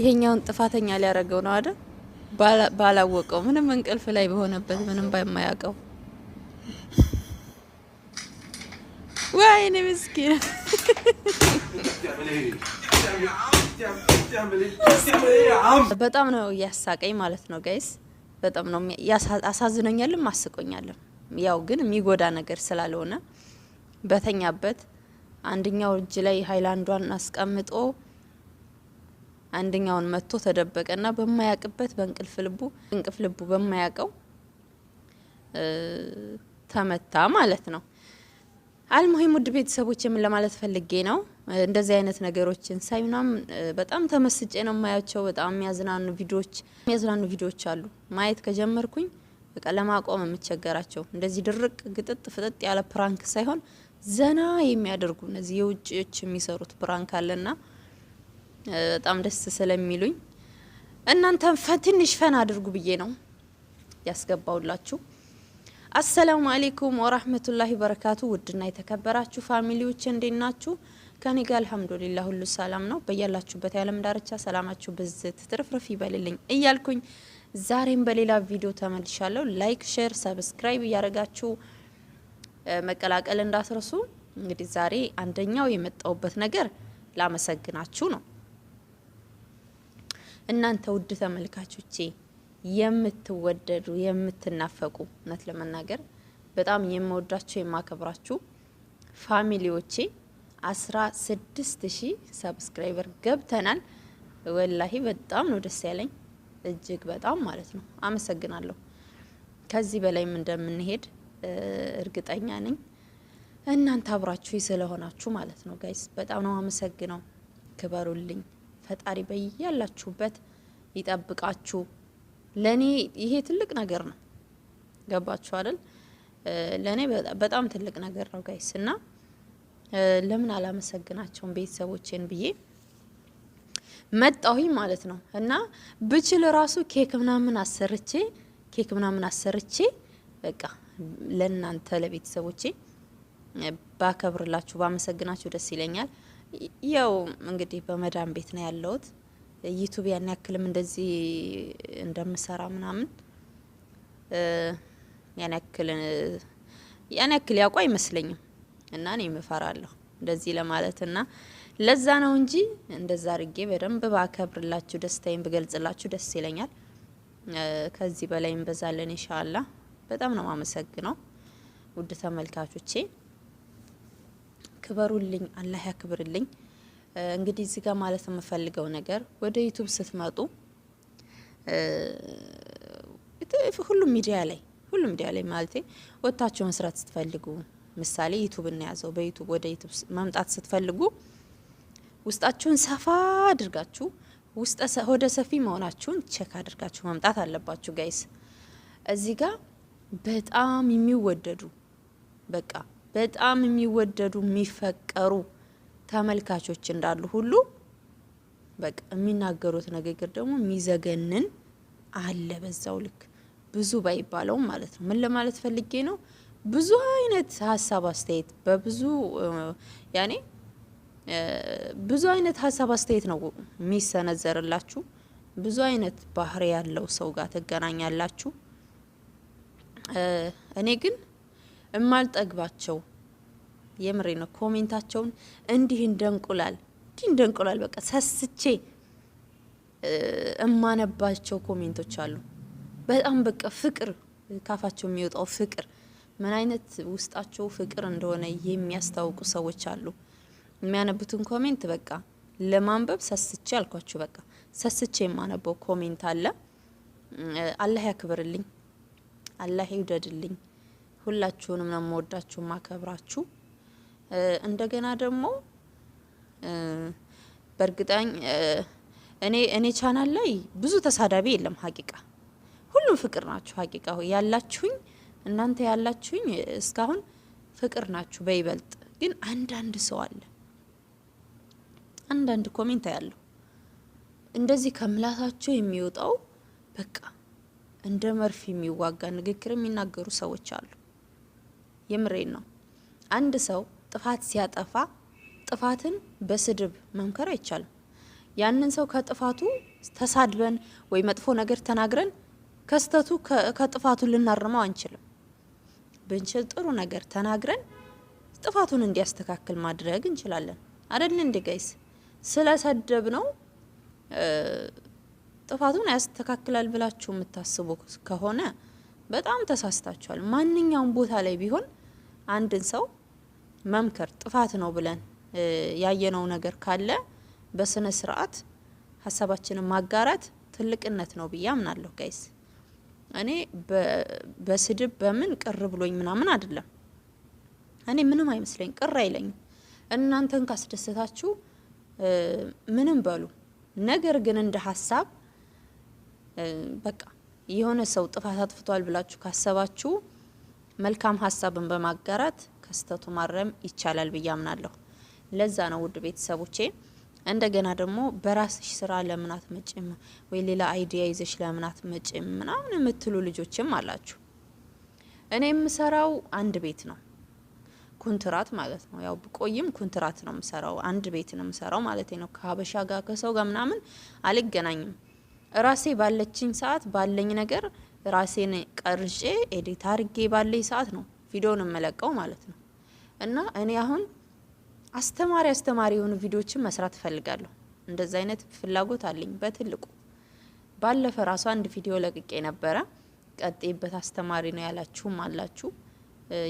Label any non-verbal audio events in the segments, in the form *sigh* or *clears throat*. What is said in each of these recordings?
ይሄኛውን ጥፋተኛ ሊያደርገው ነው አይደል? ባላወቀው ምንም እንቅልፍ ላይ በሆነበት ምንም ባይማያውቀው ወይኔ ምስኪን በጣም ነው እያሳቀኝ ማለት ነው ጋይስ። በጣም ነው አሳዝኖኛልም አስቆኛልም። ያው ግን የሚጎዳ ነገር ስላልሆነ በተኛበት አንደኛው እጅ ላይ ሀይላንዷን አስቀምጦ አንደኛውን መጥቶ ተደበቀና በማያቅበት በእንቅልፍ ልቡ እንቅልፍ ልቡ በማያቀው ተመታ ማለት ነው። አልሙሂም ውድ ቤተሰቦች የምን ለማለት ፈልጌ ነው፣ እንደዚህ አይነት ነገሮችን ሳይ ምናምን በጣም ተመስጬ ነው የማያቸው። በጣም የሚያዝናኑ ቪዲዮዎች የሚያዝናኑ ቪዲዮዎች አሉ። ማየት ከጀመርኩኝ በቃ ለማቆም የምቸገራቸው እንደዚህ ድርቅ ግጥጥ ፍጥጥ ያለ ፕራንክ ሳይሆን ዘና የሚያደርጉ እነዚህ የውጭዎች የሚሰሩት ፕራንክ አለና በጣም ደስ ስለሚሉኝ እናንተን ትንሽ ፈን አድርጉ ብዬ ነው ያስገባውላችሁ። አሰላሙ አሌይኩም ወራህመቱላሂ በረካቱ። ውድና የተከበራችሁ ፋሚሊዎች እንዴት ናችሁ? ከኔ ጋር አልሐምዱሊላ ሁሉ ሰላም ነው። በያላችሁበት የዓለም ዳርቻ ሰላማችሁ ብዝት ትርፍርፍ ይበልልኝ እያልኩኝ ዛሬም በሌላ ቪዲዮ ተመልሻለሁ። ላይክ፣ ሼር፣ ሰብስክራይብ እያደረጋችሁ መቀላቀል እንዳትረሱ። እንግዲህ ዛሬ አንደኛው የመጣውበት ነገር ላመሰግናችሁ ነው። እናንተ ውድ ተመልካቾቼ የምትወደዱ የምትናፈቁ እውነት ለመናገር በጣም የምወዳችሁ የማከብራችሁ ፋሚሊዎቼ አስራ ስድስት ሺህ ሰብስክራይበር ገብተናል። ወላሂ በጣም ነው ደስ ያለኝ እጅግ በጣም ማለት ነው። አመሰግናለሁ። ከዚህ በላይም እንደምንሄድ እርግጠኛ ነኝ። እናንተ አብራችሁ ስለሆናችሁ ማለት ነው። ጋይስ በጣም ነው አመሰግነው። ክበሩልኝ። ፈጣሪ በያላችሁበት ይጠብቃችሁ። ለእኔ ይሄ ትልቅ ነገር ነው። ገባችሁ አይደል? ለእኔ በጣም ትልቅ ነገር ነው ጋይስ። እና ለምን አላመሰግናቸውም ቤተሰቦቼን ብዬ መጣሁኝ ማለት ነው። እና ብችል ራሱ ኬክ ምናምን አሰርቼ ኬክ ምናምን አሰርቼ በቃ ለእናንተ ለቤተሰቦቼ ባከብርላችሁ ባመሰግናችሁ ደስ ይለኛል። ያው እንግዲህ በመዳን ቤት ነው ያለሁት። ዩቱብ ያን ያክልም እንደዚህ እንደምሰራ ምናምን ያን ያክል ያን ያክል ያውቁ አይመስለኝም እና እኔ ምፈራለሁ እንደዚህ ለማለት እና ለዛ ነው እንጂ እንደዛ አድርጌ በደንብ ባከብርላችሁ ደስታዬን ብገልጽላችሁ ደስ ይለኛል። ከዚህ በላይ እንበዛለን ኢንሻአላህ። በጣም ነው ማመሰግነው ውድ ተመልካቾቼ። ክበሩልኝ፣ አላህ ያክብርልኝ። እንግዲህ እዚህ ጋር ማለት የምፈልገው ነገር ወደ ዩቱብ ስትመጡ ሁሉም ሚዲያ ላይ ሁሉም ሚዲያ ላይ ማለት ወጥታችሁ መስራት ስትፈልጉ ምሳሌ ዩቱብ እናያዘው። በዩቱብ ወደ ዩቱብ መምጣት ስትፈልጉ ውስጣችሁን ሰፋ አድርጋችሁ ውስጠ ወደ ሰፊ መሆናችሁን ቼክ አድርጋችሁ መምጣት አለባችሁ ጋይስ። እዚህ ጋር በጣም የሚወደዱ በቃ በጣም የሚወደዱ የሚፈቀሩ ተመልካቾች እንዳሉ ሁሉ በቃ የሚናገሩት ንግግር ደግሞ የሚዘገንን አለ። በዛው ልክ ብዙ ባይባለውም ማለት ነው። ምን ለማለት ፈልጌ ነው? ብዙ አይነት ሀሳብ አስተያየት፣ በብዙ ያኔ ብዙ አይነት ሀሳብ አስተያየት ነው የሚሰነዘርላችሁ። ብዙ አይነት ባህሪ ያለው ሰው ጋር ትገናኛላችሁ። እኔ ግን እማልጠግባቸው የምሬ ነው። ኮሜንታቸውን እንዲህ እንደንቁላል እንዲህ እንደንቁላል በቃ ሰስቼ እማነባቸው ኮሜንቶች አሉ። በጣም በቃ ፍቅር ካፋቸው የሚወጣው ፍቅር ምን አይነት ውስጣቸው ፍቅር እንደሆነ የሚያስታውቁ ሰዎች አሉ። የሚያነቡትን ኮሜንት በቃ ለማንበብ ሰስቼ አልኳችሁ። በቃ ሰስቼ የማነበው ኮሜንት አለ። አላህ ያክብርልኝ፣ አላህ ይውደድልኝ። ሁላችሁንም ነው የምወዳችሁ ማከብራችሁ። እንደገና ደግሞ በእርግጠኝ እኔ እኔ ቻናል ላይ ብዙ ተሳዳቢ የለም። ሀቂቃ ሁሉም ፍቅር ናችሁ። ሀቂቃ ያላችሁኝ እናንተ ያላችሁኝ እስካሁን ፍቅር ናችሁ። በይበልጥ ግን አንዳንድ ሰው አለ አንዳንድ ኮሜንት ያለው እንደዚህ ከምላሳቸው የሚወጣው በቃ እንደ መርፌ የሚዋጋ ንግግር የሚናገሩ ሰዎች አሉ። የምሬን ነው። አንድ ሰው ጥፋት ሲያጠፋ ጥፋትን በስድብ መምከር አይቻልም። ያንን ሰው ከጥፋቱ ተሳድበን ወይ መጥፎ ነገር ተናግረን ከስተቱ ከጥፋቱ ልናርመው አንችልም። ብንችል ጥሩ ነገር ተናግረን ጥፋቱን እንዲያስተካክል ማድረግ እንችላለን። አደልን እንዴ ጋይስ? ስለሰደብ ነው ጥፋቱን ያስተካክላል ብላችሁ የምታስቡ ከሆነ በጣም ተሳስታችኋል። ማንኛውም ቦታ ላይ ቢሆን አንድን ሰው መምከር ጥፋት ነው ብለን ያየነው ነገር ካለ በስነ ስርዓት ሀሳባችንን ማጋራት ትልቅነት ነው ብዬ አምናለሁ። ጋይስ እኔ በስድብ በምን ቅር ብሎኝ ምናምን አይደለም። እኔ ምንም አይመስለኝ፣ ቅር አይለኝም። እናንተን ካስደሰታችሁ ምንም በሉ። ነገር ግን እንደ ሀሳብ በቃ የሆነ ሰው ጥፋት አጥፍቷል ብላችሁ ካሰባችሁ መልካም ሀሳብን በማጋራት ከስተቱ ማረም ይቻላል ብዬ አምናለሁ። ለዛ ነው ውድ ቤተሰቦቼ እንደገና ደግሞ በራስሽ ስራ ለምናት መጭም ወይ ሌላ አይዲያ ይዘሽ ለምናት መጭም ምናምን የምትሉ ልጆችም አላችሁ። እኔ የምሰራው አንድ ቤት ነው፣ ኩንትራት ማለት ነው። ያው ብቆይም ኩንትራት ነው የምሰራው፣ አንድ ቤት ነው የምሰራው ማለት ነው። ከሀበሻ ጋር ከሰው ጋር ምናምን አልገናኝም። ራሴ ባለችኝ ሰዓት ባለኝ ነገር ራሴን ቀርጬ ኤዲት አርጌ ባለኝ ሰዓት ነው ቪዲዮን የምለቀው ማለት ነው። እና እኔ አሁን አስተማሪ አስተማሪ የሆኑ ቪዲዮችን መስራት እፈልጋለሁ። እንደዛ አይነት ፍላጎት አለኝ በትልቁ። ባለፈ ራሱ አንድ ቪዲዮ ለቅቄ ነበረ። ቀጤበት አስተማሪ ነው ያላችሁም አላችሁ።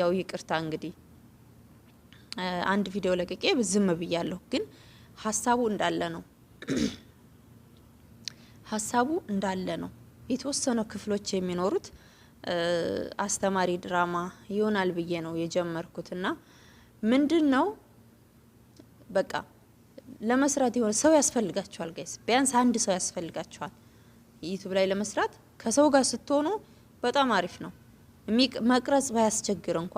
ያው ይቅርታ እንግዲህ አንድ ቪዲዮ ለቅቄ ዝም ብያለሁ፣ ግን ሀሳቡ እንዳለ ነው። ሀሳቡ እንዳለ ነው። የተወሰኑ ክፍሎች የሚኖሩት አስተማሪ ድራማ ይሆናል ብዬ ነው የጀመርኩት እና ምንድን ነው በቃ ለመስራት የሆነ ሰው ያስፈልጋቸዋል። ጋይስ ቢያንስ አንድ ሰው ያስፈልጋቸዋል። ዩቱብ ላይ ለመስራት ከሰው ጋር ስትሆኑ በጣም አሪፍ ነው። መቅረጽ ባያስቸግር እንኳ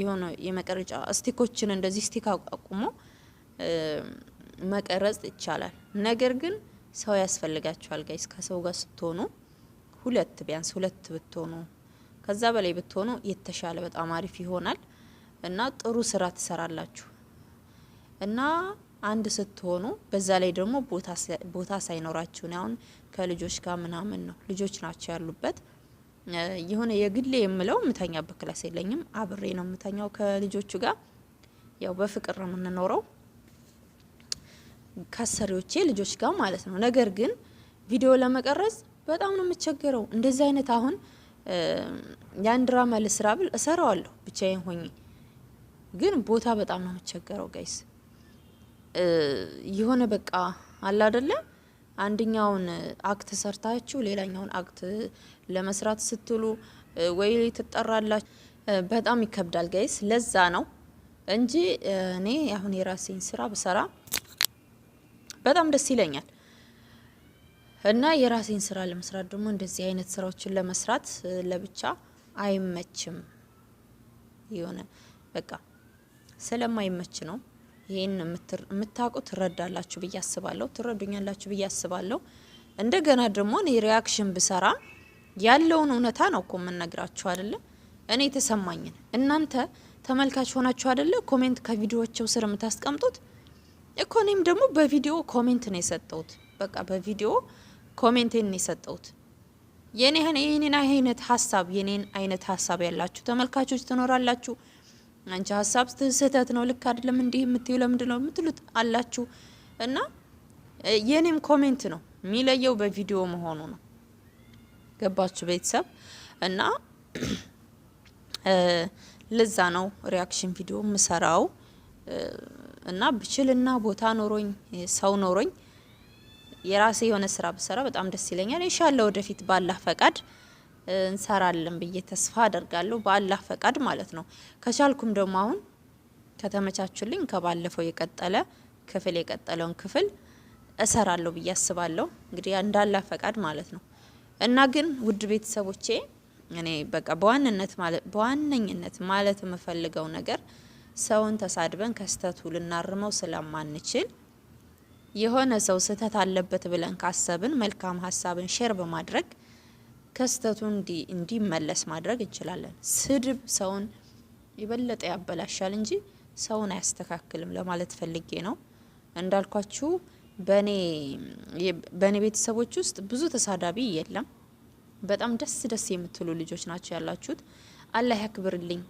የሆነ የመቀረጫ ስቲኮችን እንደዚህ ስቲክ አቁሞ መቀረጽ ይቻላል። ነገር ግን ሰው ያስፈልጋችኋል ጋይስ። ከሰው ጋር ስትሆኑ ሁለት ቢያንስ ሁለት ብትሆኑ ከዛ በላይ ብትሆኑ የተሻለ በጣም አሪፍ ይሆናል እና ጥሩ ስራ ትሰራላችሁ እና አንድ ስትሆኑ በዛ ላይ ደግሞ ቦታ ሳይኖራችሁ ነው። አሁን ከልጆች ጋር ምናምን ነው ልጆች ናቸው ያሉበት። የሆነ የግሌ የምለው ምተኛበት ክላስ የለኝም። አብሬ ነው ምተኛው ከልጆቹ ጋር ያው በፍቅር ነው የምንኖረው። ከአሰሪዎቼ ልጆች ጋር ማለት ነው። ነገር ግን ቪዲዮ ለመቀረጽ በጣም ነው የምቸገረው። እንደዚህ አይነት አሁን ያን ድራማ ልስራ ብል እሰራዋለሁ ብቻዬን ሆኜ፣ ግን ቦታ በጣም ነው የምቸገረው ጋይስ። የሆነ በቃ አለ አይደለም አንደኛውን አክት ሰርታችሁ ሌላኛውን አክት ለመስራት ስትሉ ወይ ትጠራላችሁ። በጣም ይከብዳል ጋይስ። ለዛ ነው እንጂ እኔ አሁን የራሴን ስራ ብሰራ በጣም ደስ ይለኛል። እና የራሴን ስራ ለመስራት ደግሞ እንደዚህ አይነት ስራዎችን ለመስራት ለብቻ አይመችም። የሆነ በቃ ስለማይመች ነው። ይህን የምታውቁ ትረዳላችሁ ብዬ አስባለሁ፣ ትረዱኛላችሁ ብዬ አስባለሁ። እንደገና ደግሞ እኔ ሪያክሽን ብሰራ ያለውን እውነታ ነው እኮ የምነግራችሁ አይደለ? እኔ የተሰማኝን። እናንተ ተመልካች ሆናችሁ አይደለ ኮሜንት ከቪዲዮቸው ስር የምታስቀምጡት እኮ እኔም ደግሞ በቪዲዮ ኮሜንት ነው የሰጠሁት። በቃ በቪዲዮ ኮሜንቴን ነው የሰጠሁት። የኔን አይነት ሀሳብ የኔን አይነት ሀሳብ ያላችሁ ተመልካቾች ትኖራላችሁ። አንቺ ሀሳብ ስህተት ነው፣ ልክ አይደለም፣ እንዲህ የምትዩ ለምንድን ነው የምትሉት አላችሁ። እና የኔም ኮሜንት ነው የሚለየው በቪዲዮ መሆኑ ነው። ገባችሁ ቤተሰብ? እና *clears throat* ለዛ ነው ሪያክሽን ቪዲዮ ምሰራው። እና ብችልና ቦታ ኖሮኝ ሰው ኖሮኝ የራሴ የሆነ ስራ ብሰራ በጣም ደስ ይለኛል። ኢንሻአላ ወደፊት በአላህ ፈቃድ እንሰራለን ብዬ ተስፋ አደርጋለሁ። በአላህ ፈቃድ ማለት ነው። ከቻልኩም ደግሞ አሁን ከተመቻቹልኝ ከባለፈው የቀጠለ ክፍል የቀጠለውን ክፍል እሰራለሁ ብዬ አስባለሁ። እንግዲህ እንዳላህ ፈቃድ ማለት ነው እና ግን ውድ ቤተሰቦቼ እኔ በቃ በዋነኝነት ማለት ማለት የምፈልገው ነገር ሰውን ተሳድበን ከስተቱ ልናርመው ስለማንችል የሆነ ሰው ስህተት አለበት ብለን ካሰብን መልካም ሀሳብን ሼር በማድረግ ከስተቱ እንዲመለስ ማድረግ እንችላለን። ስድብ ሰውን የበለጠ ያበላሻል እንጂ ሰውን አያስተካክልም ለማለት ፈልጌ ነው። እንዳልኳችሁ በእኔ ቤተሰቦች ውስጥ ብዙ ተሳዳቢ የለም። በጣም ደስ ደስ የምትሉ ልጆች ናቸው ያላችሁት። አላህ ያክብርልኝ።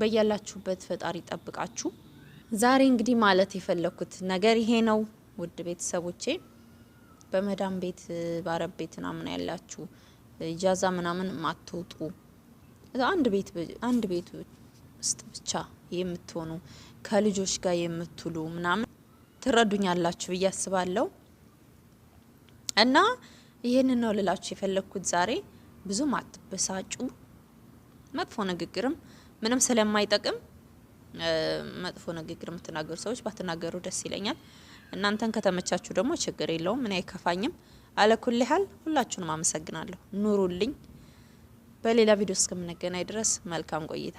በያላችሁበት ፈጣሪ ጠብቃችሁ። ዛሬ እንግዲህ ማለት የፈለኩት ነገር ይሄ ነው። ውድ ቤተሰቦቼ በመዳም ቤት ባረብ ቤት ምናምን ያላችሁ እጃዛ ምናምን ማትውጡ አንድ ቤት አንድ ቤት ውስጥ ብቻ የምትሆኑ ከልጆች ጋር የምትሉ ምናምን ትረዱኛላችሁ ብዬ አስባለሁ። እና ይህንን ነው ልላችሁ የፈለግኩት ዛሬ። ብዙም አትበሳጩ፣ መጥፎ ንግግርም ምንም ስለማይጠቅም መጥፎ ንግግር የምትናገሩ ሰዎች ባትናገሩ ደስ ይለኛል። እናንተን ከተመቻችሁ ደግሞ ችግር የለውም፣ ምን አይከፋኝም። አለኩል ያህል ሁላችሁንም አመሰግናለሁ። ኑሩልኝ። በሌላ ቪዲዮ እስከምንገናኝ ድረስ መልካም ቆይታ